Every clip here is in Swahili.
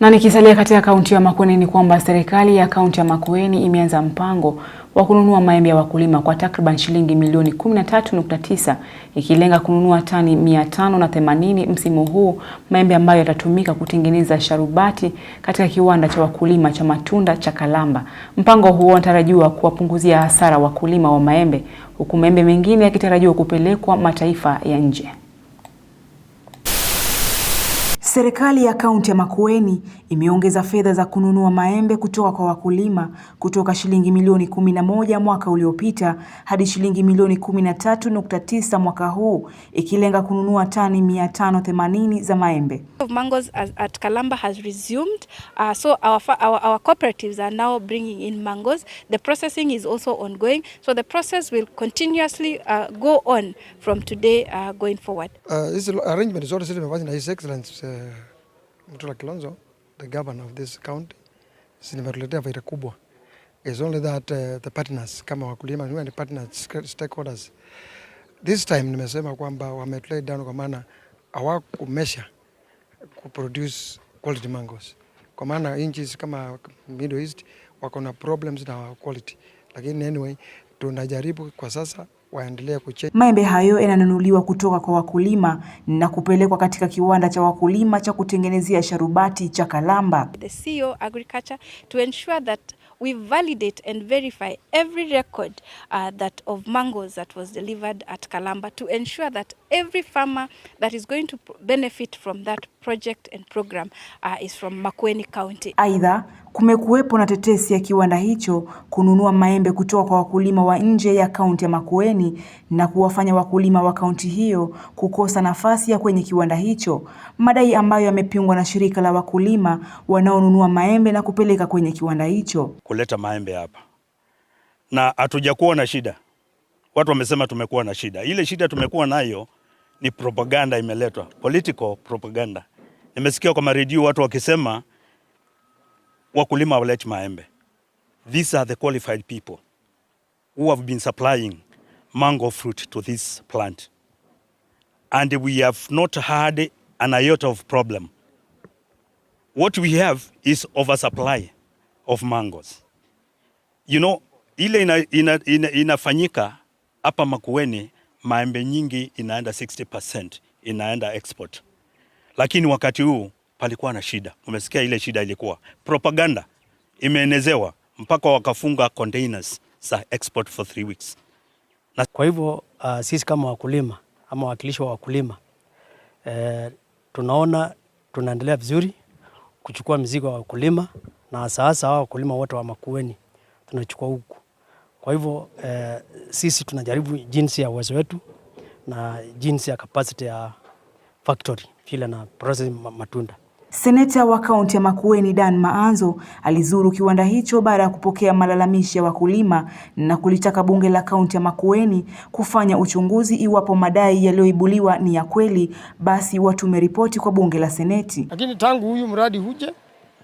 Na nikisalia katika kaunti ya Makueni ni kwamba serikali ya kaunti ya Makueni imeanza mpango wa kununua maembe ya wakulima kwa takriban shilingi milioni 13.9 ikilenga kununua tani 580 msimu huu, maembe ambayo yatatumika kutengeneza sharubati katika kiwanda cha wakulima cha matunda cha Kalamba. Mpango huo unatarajiwa kuwapunguzia hasara wakulima wa maembe, huku maembe mengine yakitarajiwa kupelekwa mataifa ya nje. Serikali ya kaunti ya Makueni imeongeza fedha za kununua maembe kutoka kwa wakulima kutoka shilingi milioni 11 mwaka uliopita hadi shilingi milioni 13.9 mwaka huu ikilenga kununua tani 580 za maembe. Mangoes at Kalamba has resumed uh, so our, our, our cooperatives are now bringing in mangoes. The processing is also ongoing so the process will continuously uh, go on from today uh, going forward. Uh, this arrangement is zote made by His Excellency uh, Mtula Kilonzo, the governor of this county, zimetuletea faida kubwa. It's only that uh, the partners kama wakulima ni partners stakeholders. This time nimesema kwamba wametulay down kwa maana hawakumesha kuproduce quality mangoes. Kwa maana nchi kama Middle East wako na problems na quality. Lakini anyway tunajaribu kwa sasa waendelee kucheki. Maembe hayo yananunuliwa kutoka kwa wakulima na kupelekwa katika kiwanda cha wakulima cha kutengenezea sharubati cha Kalamba. The CEO Agriculture to ensure that we validate and verify every record uh, that of mangoes that was delivered at Kalamba to ensure that every farmer that is going to benefit from that project and program uh, is from Makueni County. Aidha, Kumekuwepo na tetesi ya kiwanda hicho kununua maembe kutoka kwa wakulima wa nje ya kaunti ya Makueni na kuwafanya wakulima wa kaunti hiyo kukosa nafasi ya kwenye kiwanda hicho, madai ambayo yamepingwa na shirika la wakulima wanaonunua maembe na kupeleka kwenye kiwanda hicho. Kuleta maembe hapa na hatujakuwa na shida. Watu wamesema tumekuwa na shida. Ile shida tumekuwa nayo ni propaganda imeletwa, political propaganda. Nimesikia kwa maredio watu wakisema wakulima walete maembe. These are the qualified people who have been supplying mango fruit to this plant and we have not had an iota of problem. What we have is oversupply of mangoes. You know, ile inafanyika ina, ina, ina hapa Makueni, maembe nyingi inaenda 60% inaenda export, lakini wakati huu palikuwa na shida. Umesikia ile shida ilikuwa propaganda imeenezewa mpaka wakafunga containers za export for three weeks. Na kwa hivyo uh, sisi kama wakulima ama wawakilishi wa wakulima eh, tunaona tunaendelea vizuri kuchukua mzigo wa wakulima na sasa hawa wakulima wote wa Makueni tunachukua huku. Kwa hivyo eh, sisi tunajaribu jinsi ya uwezo wetu na jinsi ya capacity ya factory vile na process matunda. Seneta wa kaunti ya Makueni Dan Maanzo alizuru kiwanda hicho baada ya kupokea malalamishi ya wakulima na kulitaka bunge la kaunti ya Makueni kufanya uchunguzi iwapo madai yaliyoibuliwa ni ya kweli, basi watume ripoti kwa bunge la Seneti. Lakini tangu huyu mradi huje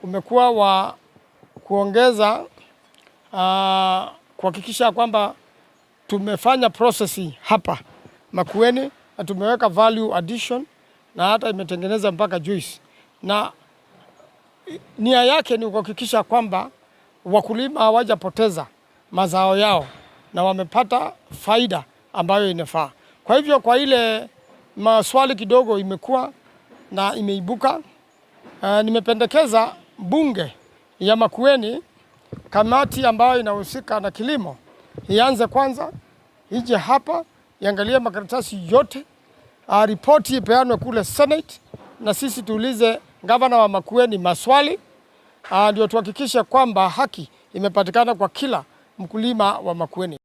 umekuwa wa kuongeza uh, kuhakikisha kwamba tumefanya prosesi hapa Makueni na tumeweka value addition na hata imetengeneza mpaka juice na nia yake ni kuhakikisha kwamba wakulima hawajapoteza mazao yao na wamepata faida ambayo inafaa. Kwa hivyo, kwa ile maswali kidogo imekuwa na imeibuka, uh, nimependekeza bunge ya Makueni, kamati ambayo inahusika na kilimo ianze kwanza, ije hapa iangalie makaratasi yote, uh, ripoti ipeanwe kule Senate na sisi tuulize gavana wa Makueni maswali ah, ndio tuhakikishe kwamba haki imepatikana kwa kila mkulima wa Makueni.